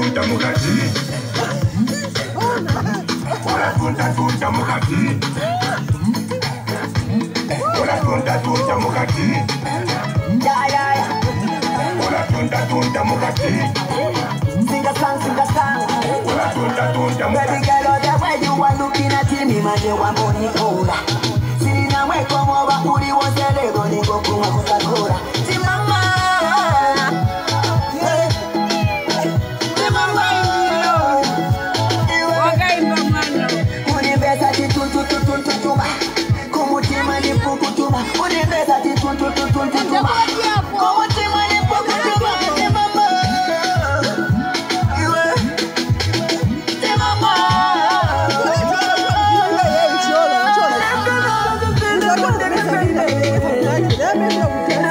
vunta mukati uratundadunda mukati uratundadunda mukati uratundadunda mukati uratundadunda mukati Sinawe como va, Uri, vos te le doy, digo, como Coca-Cola. Liberdade, tu, tu, tu, tu, tu, tu Como te manipulo, tu vai te mamar Te mamar Não é verdade